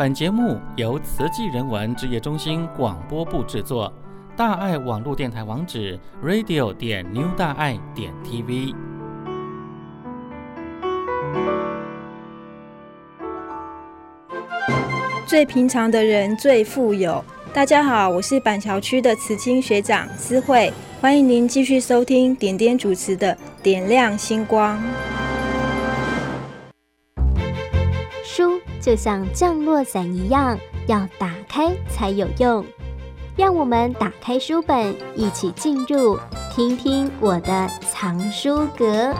本節目由慈濟人文志業中心廣播部制作。大愛網絡電臺網址：radio 點 new 大愛點 tv。最平常的人最富有。大家好，我是板橋區的慈青學長思慧，歡迎您繼續收聽點點主持的《點亮星光》。就像降落傘一樣，要打開才有用。讓我們打開書本，一起進入，聽聽我的藏書閣。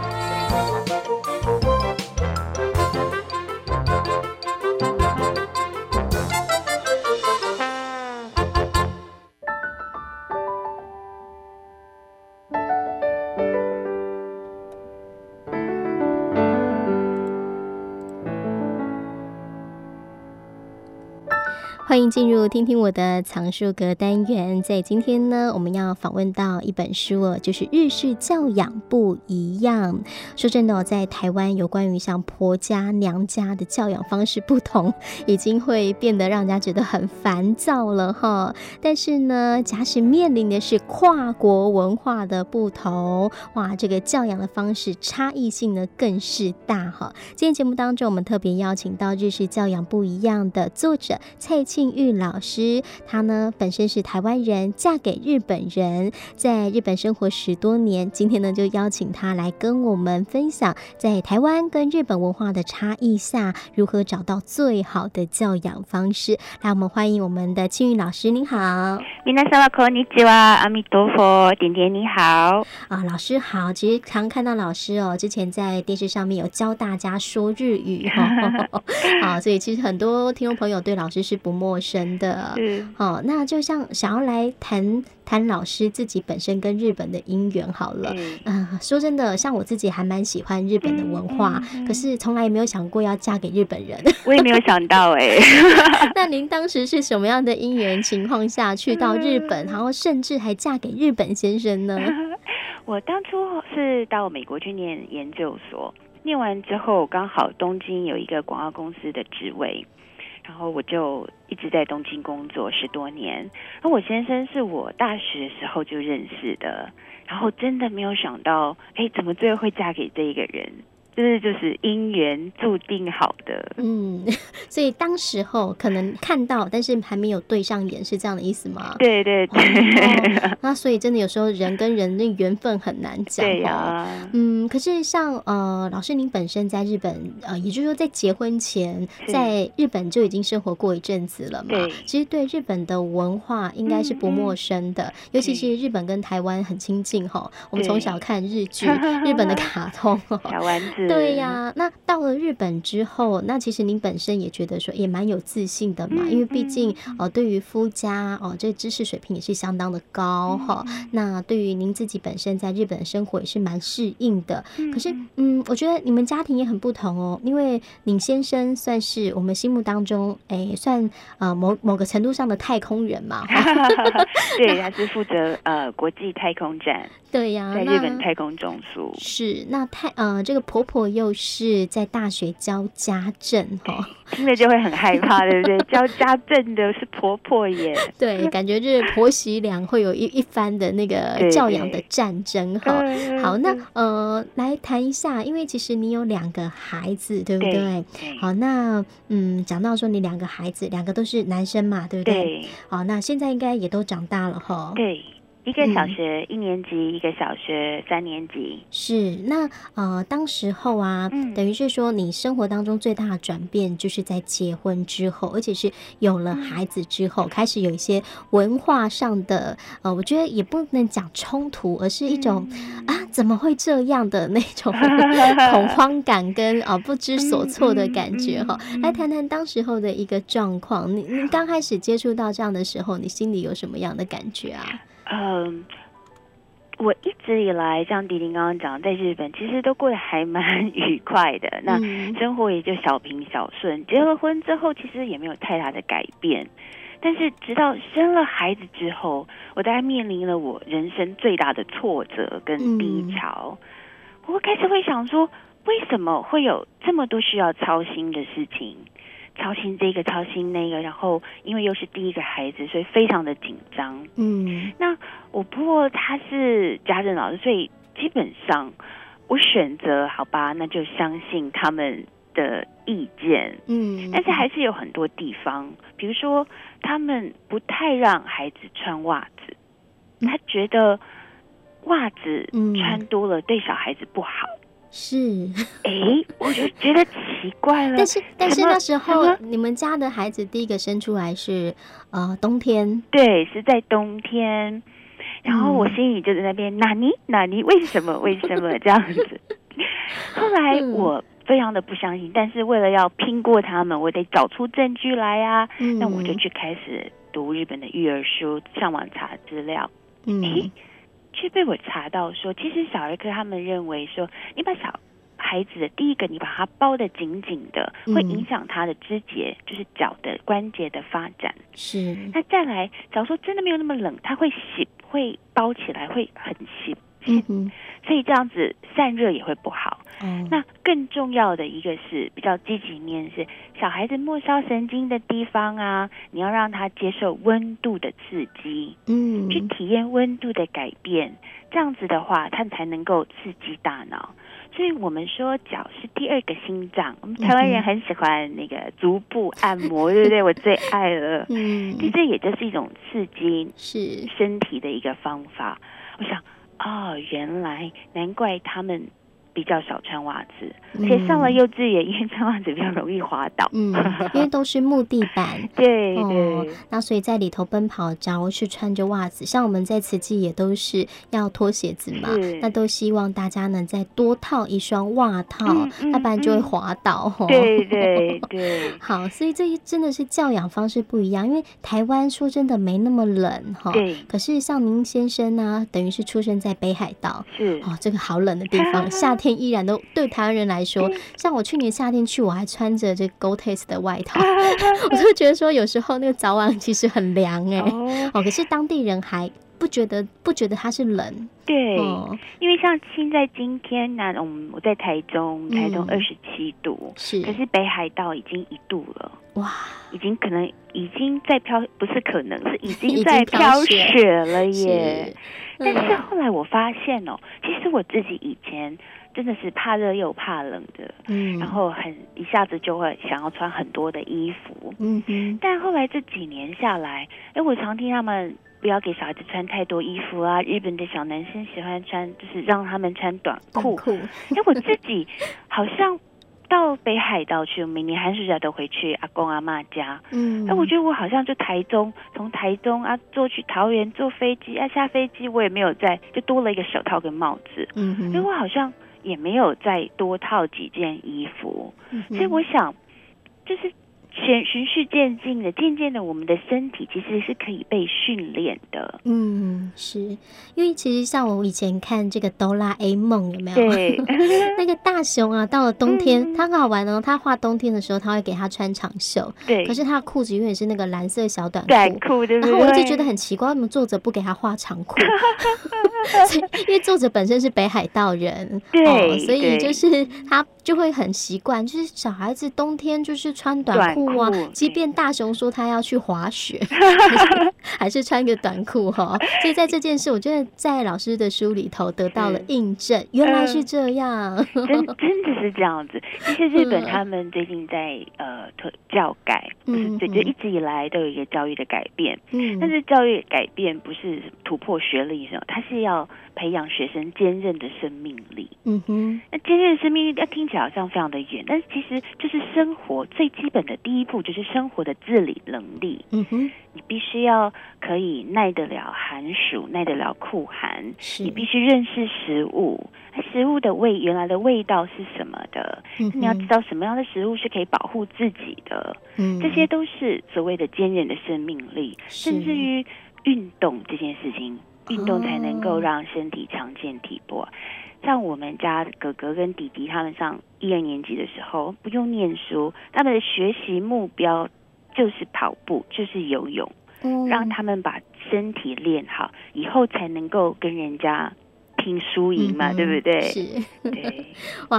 進入聽聽我的藏書閣單元，在今天呢，我們要訪問到一本書哦，就是《日式教養不一樣》。說真的哦，在台灣有關於像婆家娘家的教養方式不同，已經會變得讓人家覺得很煩躁了哈。但是呢，假使面臨的是跨國文化的不同，哇，這個教養的方式差異性呢更是大哈。今天節目當中，我們特別邀請到《日式教養不一樣》的作者蔡慶玉玉老師，她呢，本身是台灣人，嫁給日本人，在日本生活十多年。今天呢，就邀請她來跟我們分享，在台灣跟日本文化的差異下，如何找到最好的教養方式。來，我們歡迎我們的慶玉老師，您好。みなさんこんにちは、阿彌陀佛，點點你好啊，老師好。其實常看到老師哦，之前在電視上面有教大家說日語哈、哦， 啊，所以其實很多聽眾朋友對老師是不陌生的。嗯，哦，那就像想要來談。談老師自己本身跟日本的姻緣好了，嗯、呃，說真的，像我自己還蠻喜歡日本的文化，嗯嗯嗯，可是從來也沒有想過要嫁給日本人。我也沒有想到哎、欸。 那您當時是什麼樣的姻緣情況下去到日本，嗯，然後甚至還嫁給日本先生呢？我當初是到美國去念研究所，念完之後剛好東京有一個廣告公司的職位。然後我就一直在東京工作十多年，而我先生是我大學時候就認識的，然後真的沒有想到，哎，怎麼最後會嫁給這一個人？就是就是姻緣注定好的，嗯，所以當時候可能看到，但是還沒有對上眼，是這樣的意思嗎？對對對、oh,。Oh, 那所以真的有時候人跟人的緣分很難講，對呀、啊，嗯。可是像呃老師您本身在日本呃，也就是說在結婚前在日本就已經生活過一陣子了嘛，對，其實對日本的文化應該是不陌生的，嗯嗯，尤其是日本跟台灣很親近哈，我們從小看日劇、 日本的卡通、 小玩。對呀、啊，那到了日本之後，那其實您本身也覺得說也蠻有自信的嘛，嗯、因為畢竟哦、呃，對於夫家哦，這、呃、知識水平也是相當的高哈、嗯。那對於您自己本身在日本生活也是蠻適應的。嗯、可是嗯，我覺得你們家庭也很不同哦，因為您先生算是我們心目當中哎、欸，算呃某某個程度上的太空人嘛， 對，他是負責呃國際太空站，對呀、啊，在日本太空中樹、啊。是那太呃這個婆、婆。婆婆又是在大學教家政哈，那就會很害怕，對不對？教家政的是婆婆耶，對，感覺就是婆媳倆會有一一番的那個教養的戰爭哈、嗯。好，那呃，來談一下，因為其實你有兩個孩子，對不對？對對好，那嗯，講到說你兩個孩子，兩個都是男生嘛，對不對？對好，那現在應該也都長大了哈。對。一個小學、嗯、一年級，一個小學三年級。是，那呃，當時候啊，嗯、等於是說，你生活當中最大的轉變，就是在結婚之後，而且是有了孩子之後，嗯、開始有一些文化上的呃，我覺得也不能講衝突，而是一種、嗯、啊，怎麼會這樣的那種恐慌感跟啊不知所措的感覺哈、嗯嗯嗯。來談談當時候的一個狀況，你你剛開始接觸到這樣的時候，你心裡有什麼樣的感覺啊？嗯、um,，我一直以來像迪迪剛剛講，在日本其實都過得還蠻愉快的，那生活也就小平小順。嗯、結了婚之後，其實也沒有太大的改變。但是直到生了孩子之後，我大概面臨了我人生最大的挫折跟低潮，嗯。我開始會想說，為什麼會有這麼多需要操心的事情？操心這個，操心那個，然後因為又是第一個孩子，所以非常的緊張。嗯，那我婆婆她是家政老師，所以基本上我選擇好吧，那就相信他們的意見。嗯，但是還是有很多地方，嗯、比如說他們不太讓孩子穿襪子，他覺得襪子穿多了對小孩子不好。是，哎、欸，我就覺得奇怪了。 但是但是那時候你們家的孩子第一個生出來是，呃，冬天，對，是在冬天。然後我心裡就在那邊、嗯，納尼納尼，為什麼為什麼 這樣子？後來我非常的不相信、嗯，但是為了要拼過他們，我得找出證據來呀，啊嗯。那我就去開始讀日本的育兒書，上網查資料，欸。嗯。卻被我查到說，其實小兒科他們認為說，你把小孩子的第一個，你把它包得緊緊的，會影響他的肢節，就是腳的關節的發展。是，那再來，假如說真的沒有那麼冷，他會洗，會包起來會很洗。嗯。所以這樣子散熱也會不好。嗯，那更重要的一個是比較積極面，是小孩子末梢神經的地方啊，你要讓他接受溫度的刺激，嗯，去體驗溫度的改變，這樣子的話，他才能夠刺激大腦。所以我們說腳是第二個心臟。我們台灣人很喜歡那個足部按摩，嗯，對不對？我最愛了。嗯，其實也就是一種刺激是身體的一個方法，我想。哦，原來難怪他們，比較少穿襪子，嗯，而且上了幼稚園，因為穿襪子比較容易滑倒，嗯、 因為都是木地板。對，對哦，那所以在裡頭奔跑，着去穿着襪子，像我們在慈濟也都是要脫鞋子嘛，那都希望大家能再多套一雙襪套，那、嗯、不然就會滑倒。嗯哦、對對呵呵呵對，對，好，所以這真的是教養方式不一樣，因為台灣說真的沒那麼冷哈、哦。可是像您先生呢、啊，等於是出生在北海道，嗯，哦，這個好冷的地方，夏、啊。天依然都對台灣人來說，像我去年夏天去，我還穿着這 GORE-TEX 的外套， 我就覺得說有時候那個早晚其實很涼哎哦，哦，可是當地人還不覺得不覺得它是冷，對、嗯，因為像現在今天呢，我們我在台中，台中二十七度是、嗯，可是北海道已經一度了，哇，已經可能已經在飄，不是可能是已經在飄雪，雪了耶、嗯，但是後來我發現哦、喔，其實我自己以前。真的是怕熱又怕冷的，嗯，然後很一下子就會想要穿很多的衣服，嗯哼。但後來這幾年下來，哎，我常聽他們不要給小孩子穿太多衣服啊。日本的小男生喜歡穿，就是讓他們穿短褲褲。哎，因為我自己好像到北海道去， 每年寒暑假都回去阿公阿媽家，嗯。那我覺得我好像就台中，從台中啊坐去桃園，坐飛機啊下飛機，我也沒有在，就多了一個手套跟帽子，嗯哼。因為我好像。也沒有再多套幾件衣服，嗯、所以我想，就是循循序漸進的，漸漸的，我們的身體其實是可以被訓練的。嗯，是因為其實像我以前看這個哆啦 A 夢有沒有？對， 那個大雄啊，到了冬天，嗯、他很好玩哦，他畫冬天的時候，他會給他穿長袖，對，可是他的褲子永遠是那個藍色小短褲。然後我一直覺得很奇怪，為什麼作者不給他畫長褲？ 所以因為作者本身是北海道人，對，哦、所以就是他就會很習慣，就是小孩子冬天就是穿短褲啊短。即便大雄說他要去滑雪， 還是穿個短褲哈、哦。所以在這件事，我覺得在老師的書裡頭得到了印證，原來是這樣、嗯 真，真真的是這樣子。其實日本他們最近在、嗯、呃教改，嗯，對，就一直以來都有一個教育的改變，嗯，但是教育改變不是突破學歷什麼，它是要。要培養學生堅韌的生命力。嗯哼，那堅韌生命力，聽起來好像非常的遠，但是其實就是生活最基本的第一步，就是生活的自理能力。嗯哼，你必須要可以耐得了寒暑，耐得了酷寒。是，你必須認識食物，食物的味，原來的味道是什麼的？嗯，你要知道什麼樣的食物是可以保護自己的。嗯，這些都是所謂的堅韌的生命力，甚至於運動這件事情。運動才能夠讓身體強健體魄。像我們家哥哥跟弟弟他們上一二年級的時候，不用念書，他們的學習目標就是跑步，就是游泳，讓他們把身體練好，以後才能夠跟人家。聽輸贏嘛、嗯，對不對？是，對，呵呵，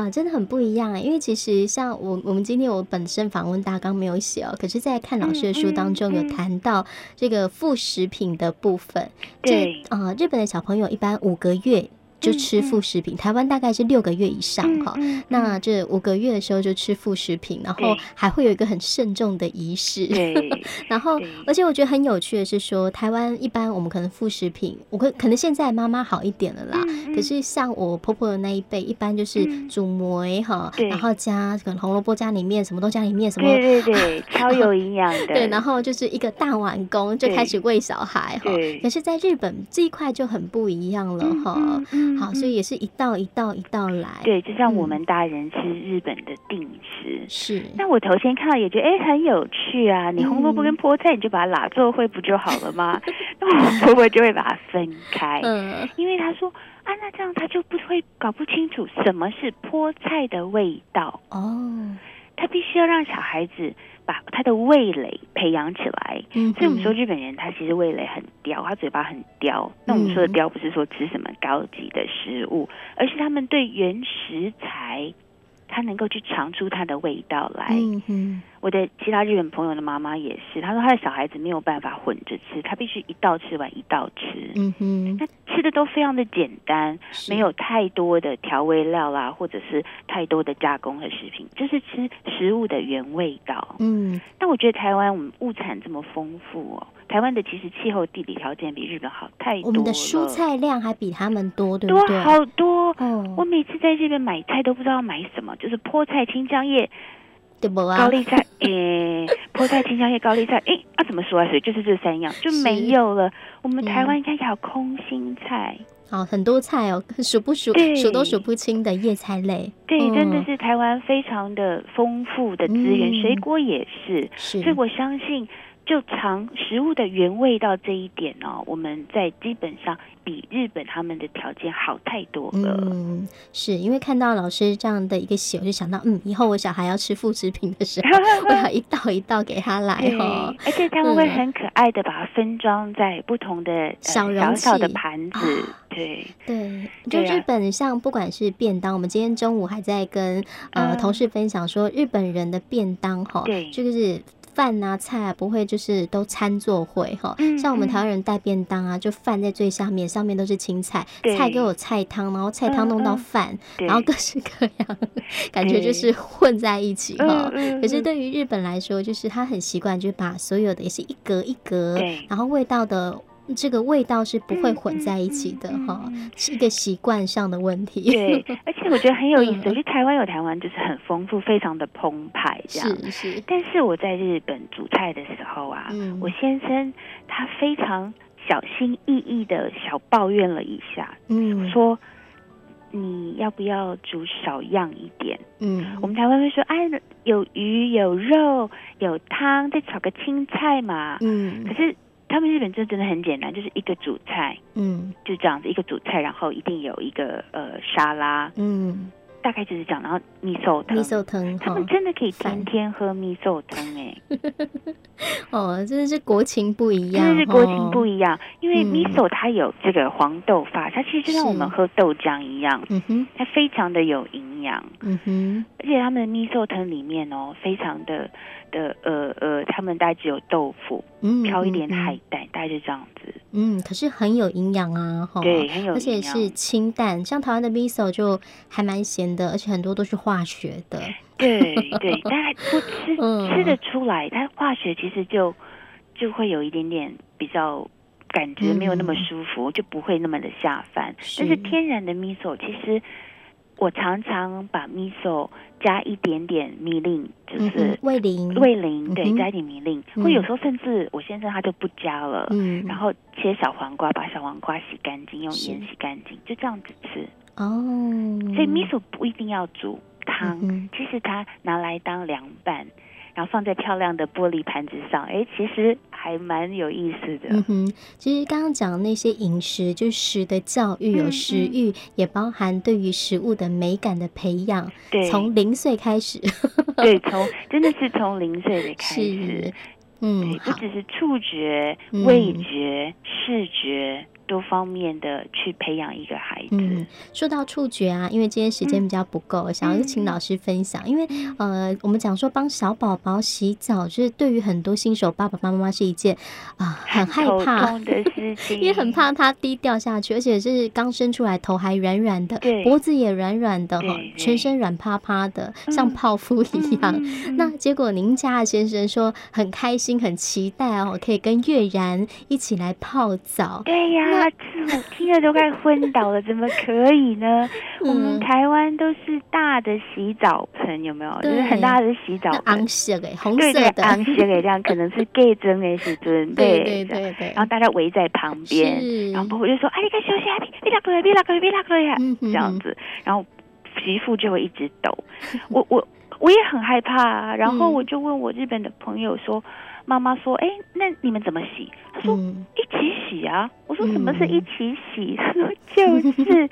哇，真的很不一樣啊、欸、因為其實像我，我們今天我本身訪問大綱沒有寫哦、喔，可是，在看老師的書當中，有談到這個副食品的部分。嗯嗯嗯對啊、呃，日本的小朋友一般五個月。就吃副食品，台灣大概是六個月以上哈、嗯嗯。那這五個月的時候就吃副食品，嗯、然後還會有一個很慎重的儀式。 然後，而且我覺得很有趣的是說，台灣一般我們可能副食品，我可可能現在媽媽好一點了啦、嗯。可是像我婆婆的那一輩，一般就是煮梅哈，然後加可能紅蘿蔔加裡面，什麼都加裡面，什麼對對對，啊、超有營養的。 對。然後就是一個大碗公就開始餵小孩哈。可是在日本這一塊就很不一樣了哈。嗯嗯嗯好，所以也是一道一道一道來。對，就像我們大人吃日本的定食。是、嗯。那我頭先看到也覺得，哎、欸，很有趣啊！你紅蘿蔔跟菠菜，你就把它拉做會不就好了嗎？ 那我婆婆就會把它分開，呃、因為她說，啊，那這樣她就不會搞不清楚什麼是菠菜的味道。哦。他必須要讓小孩子把他的味蕾培養起來。嗯，所以我們說日本人他其實味蕾很刁，他嘴巴很刁。那我們說的刁不是說吃什麼高級的食物，而是他們對原食材，他能夠去嘗出它的味道來。嗯我的其他日本朋友的媽媽也是，她說她的小孩子沒有辦法混着吃，她必須一道吃完一道吃。嗯哼，她吃的都非常的簡單，沒有太多的調味料啦，或者是太多的加工的食品，就是吃食物的原味道。嗯，但我覺得台灣我們物產這麼豐富哦，台灣的其實氣候地理條件比日本好太多了，我們的蔬菜量還比他們多，對不對？多好多，哦，我每次在這邊買菜都不知道要買什麼，就是菠菜清、青江葉。高麗菜，誒、 欸，菠菜、青椒葉、高麗菜，誒、欸，啊，怎麼說啊？所以就是這三樣就沒有了。我們台灣應該還有空心菜、嗯，哦，很多菜哦，數不數，數都數不清的葉菜類。對，嗯、真的是台灣非常的豐富的資源、嗯，水果也是，是，所以我相信。就嘗食物的原味道這一點呢、哦，我們在基本上比日本他們的條件好太多了。嗯，是，因為看到老師這樣的一個寫，我就想到，嗯，以後我小孩要吃副食品的時候， 我要一道一道給他來哦，而且他們會很可愛的把它分裝在不同的、嗯小，容器呃、小小的盤子。對、啊、對，就、啊、日本像不管是便當，我們今天中午還在跟呃、嗯、同事分享說，日本人的便當哈、哦，對，這、就、個是。飯啊菜啊不會就是都餐作會哈，像我們台灣人帶便當啊，嗯、就飯在最下面，上面都是青菜，菜給我菜湯，然後菜湯弄到飯、嗯，然後各式各樣，感覺就是混在一起哈。可是對於日本來說，就是他很習慣，就是把所有的也是一格一格，然後味道的。這個味道是不會混在一起的哈、嗯哦，是一個習慣上的問題。對，而且我覺得很有意思。我覺得台灣有台灣就是很豐富，非常的澎湃這樣。是，是。但是我在日本煮菜的時候啊，嗯、我先生他非常小心翼翼的，小抱怨了一下，嗯，說你要不要煮少樣一點？嗯，我們台灣會說，哎、啊，有魚有肉有湯，再炒個青菜嘛。嗯，可是。他們日本就真的很簡單，就是一個主菜，嗯，就這樣子一個主菜，然後一定有一個呃沙拉，嗯，大概就是這樣，然後味噌湯，味噌湯，他們真的可以天天喝味噌湯哎， 哦，真的是國情不一樣，真的是國情不一樣，哦、因為味噌它有這個黃豆發、嗯，它其實就像我們喝豆漿一樣，嗯哼，它非常的有營養，嗯哼，而且他們的味噌湯裡面哦，非常的。的呃呃，他們大概只有豆腐，嗯，飄一點海帶，嗯，大概就這樣子。嗯，可是很有營養啊，對，很有營養，而且是清淡。像台灣的米 i 就還蠻鹹的，而且很多都是化學的。對對，大家不吃吃得出來，它，嗯，化學其實就就會有一點點比較感覺沒有那麼舒服，嗯，就不會那麼的下飯。但是天然的米 i 其實。我常常把味噌加一點點米令，就是味淋。嗯、味淋，味淋對，加一點米令，會、嗯、有時候甚至我先生他就不加了，嗯，然後切小黃瓜，把小黃瓜洗乾淨，用鹽洗乾淨，就這樣子吃。哦，所以味噌不一定要煮湯，嗯，其實它拿來當涼拌。然後放在漂亮的玻璃盤子上，哎，其實還蠻有意思的。嗯哼，其實剛剛講那些飲食，就是食的教育有、哦嗯嗯、食欲，也包含對於食物的美感的培養。對，從零歲開始。對，從真的是從零歲的開始。 是嗯，不只是觸覺、嗯、味覺、視覺。多方面的去培養一個孩子。嗯，說到觸覺啊，因為今天時間比較不夠，嗯，想要請老師分享。嗯，因為呃，我們講說幫小寶寶洗澡，就是對於很多新手爸爸媽媽，媽是一件啊，呃、很害怕，也很， 很怕他低調下去，而且是剛生出來頭還軟軟的，脖子也軟軟的對對，全身軟趴趴的，嗯，像泡芙一樣。嗯嗯，那結果您家的先生說很開心，很期待哦，可以跟月然一起來泡澡。對呀，啊。我、啊、聽了都快昏倒了，怎麼可以呢？ 嗯、我們台灣都是大的洗澡盆，有沒有？就是很大的洗澡盆，嗯，紅色的，紅色的，對對對對 這樣可能是蓋真的至尊， 對對對、對。然後大家圍在旁邊，然後婆婆就說：“你快休息，一別拉過來，別拉過來，別拉過來。”這樣子，然後媳婦就會一直抖。我 我。我我也很害怕、啊，然後我就問我日本的朋友說：“嗯、媽媽說，哎、欸，那你們怎麼洗？”他說、嗯：“一起洗啊！”我說：“什、嗯、麼是一起洗？”他說：“就是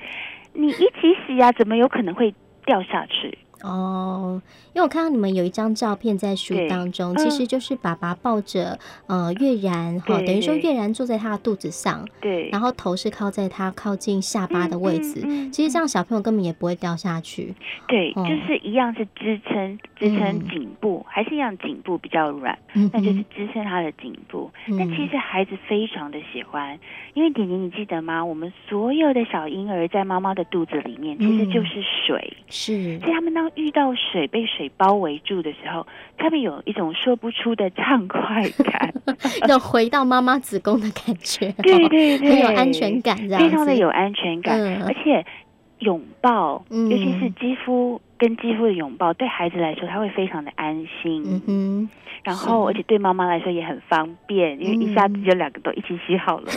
你一起洗啊，怎麼有可能會掉下去？”哦、oh，因為我看到你們有一張照片在書當中，其實就是爸爸抱着、嗯、呃月然哈，等於說月然坐在他肚子上，對，然後頭是靠在他靠近下巴的位置，嗯、其實這樣小朋友根本也不會掉下去，對，嗯、就是一樣是支撐支撐頸部、嗯，還是一樣頸部比較軟、嗯，那就是支撐他的頸部、嗯，但其實孩子非常的喜歡，嗯、因為點點你記得嗎？我們所有的小嬰兒在媽媽的肚子裡面其實就是水，是、嗯，所以他們當遇到水，被水包圍住的時候，他們有一種說不出的暢快感， 有回到媽媽子宮的感覺、哦，對對對，很有安全感，非常的有安全感，而且擁抱，尤其是肌膚。嗯跟肌膚的擁抱，對孩子來說，他會非常的安心。嗯哼，然後而且對媽媽來說也很方便，嗯，因為一下子就兩個都一起洗好了。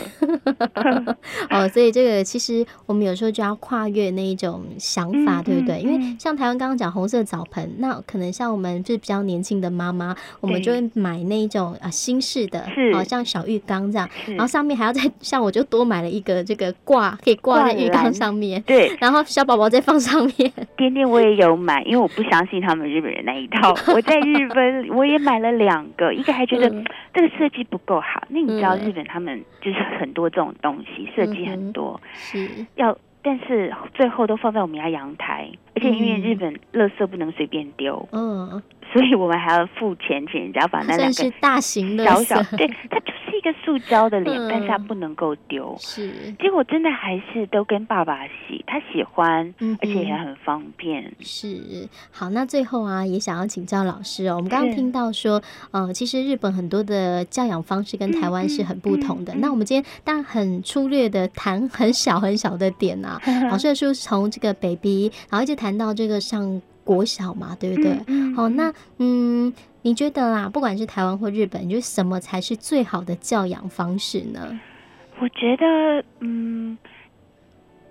哦，所以這個其實我們有時候就要跨越那一種想法，嗯，對不對，嗯？因為像台灣剛剛講紅色澡盆，那可能像我們就是比較年輕的媽媽，我們就會買那一種啊新式的，好，哦，像小浴缸這樣，然後上面還要再像我就多買了一個這個掛，可以掛在浴缸上面，對，然後小寶寶再放上面。點點我也有。 買，因為我不相信他們日本人那一套。我在日本我也買了兩個，一個還覺得這個設計不夠好。那你知道日本他們就是很多這種東西設計很多，是要但是最後都放在我們家陽台。而且因為日本垃圾不能隨便丟、嗯，嗯，所以我們還要付錢請人家把那個小小算是大型的，小小對，它就是一個塑膠的臉、嗯，但是它不能夠丟。是，結果真的還是都跟爸爸洗，他喜歡，而且也很方便。嗯嗯、是，好，那最後啊，也想要請教老師哦，我們剛剛聽到說、呃，其實日本很多的教養方式跟台灣是很不同的、嗯嗯嗯嗯嗯。那我們今天當然很粗略的談很小很小的點啊，呵呵老師的書從這個 baby，然後一直談。談到這個像國小嘛，對不對？嗯嗯好，那嗯，你覺得啦，不管是台灣或日本，你覺得什麼才是最好的教養方式呢？我覺得，嗯，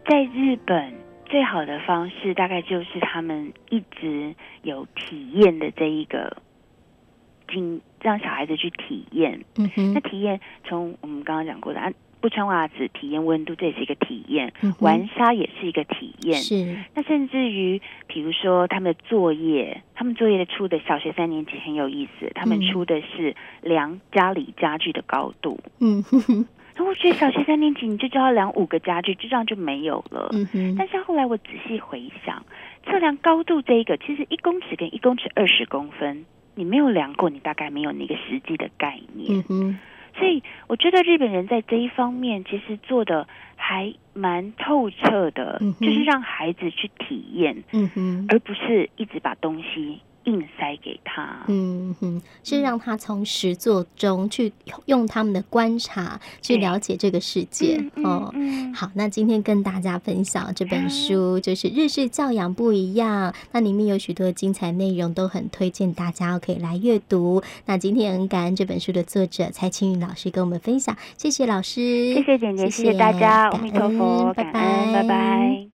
在日本最好的方式，大概就是他們一直有體驗的這一個，經讓小孩子去體驗。嗯哼、嗯，那體驗從我們剛剛講過的，啊不穿襪子體驗溫度，這也是一個體驗、嗯；玩沙也是一個體驗。是，那甚至於，比如說他們的作業，他們作業的出的小學三年級很有意思，他們出的是量家裡家具的高度。嗯哼，那我覺得小學三年級你就只要量五個家具，就這樣就沒有了。嗯哼，但是後來我仔細回想，測量高度這一個，其實一公尺跟一公尺二十公分，你沒有量過，你大概沒有那個實際的概念。嗯所以，我覺得日本人在這一方面其實做得還蠻透徹的、嗯，就是讓孩子去體驗，嗯、而不是一直把東西。硬塞給他，嗯哼、嗯，是讓他從實作中去用他們的觀察去了解這個世界。嗯、哦、嗯嗯，好，那今天跟大家分享這本書、嗯，就是日式教養不一樣。那裡面有許多精彩內容，都很推薦大家可以來閱讀。那今天很感恩這本書的作者蔡慶玉老師跟我們分享，謝謝老師，謝謝姐姐，謝謝大家，阿彌陀佛，拜拜，拜拜。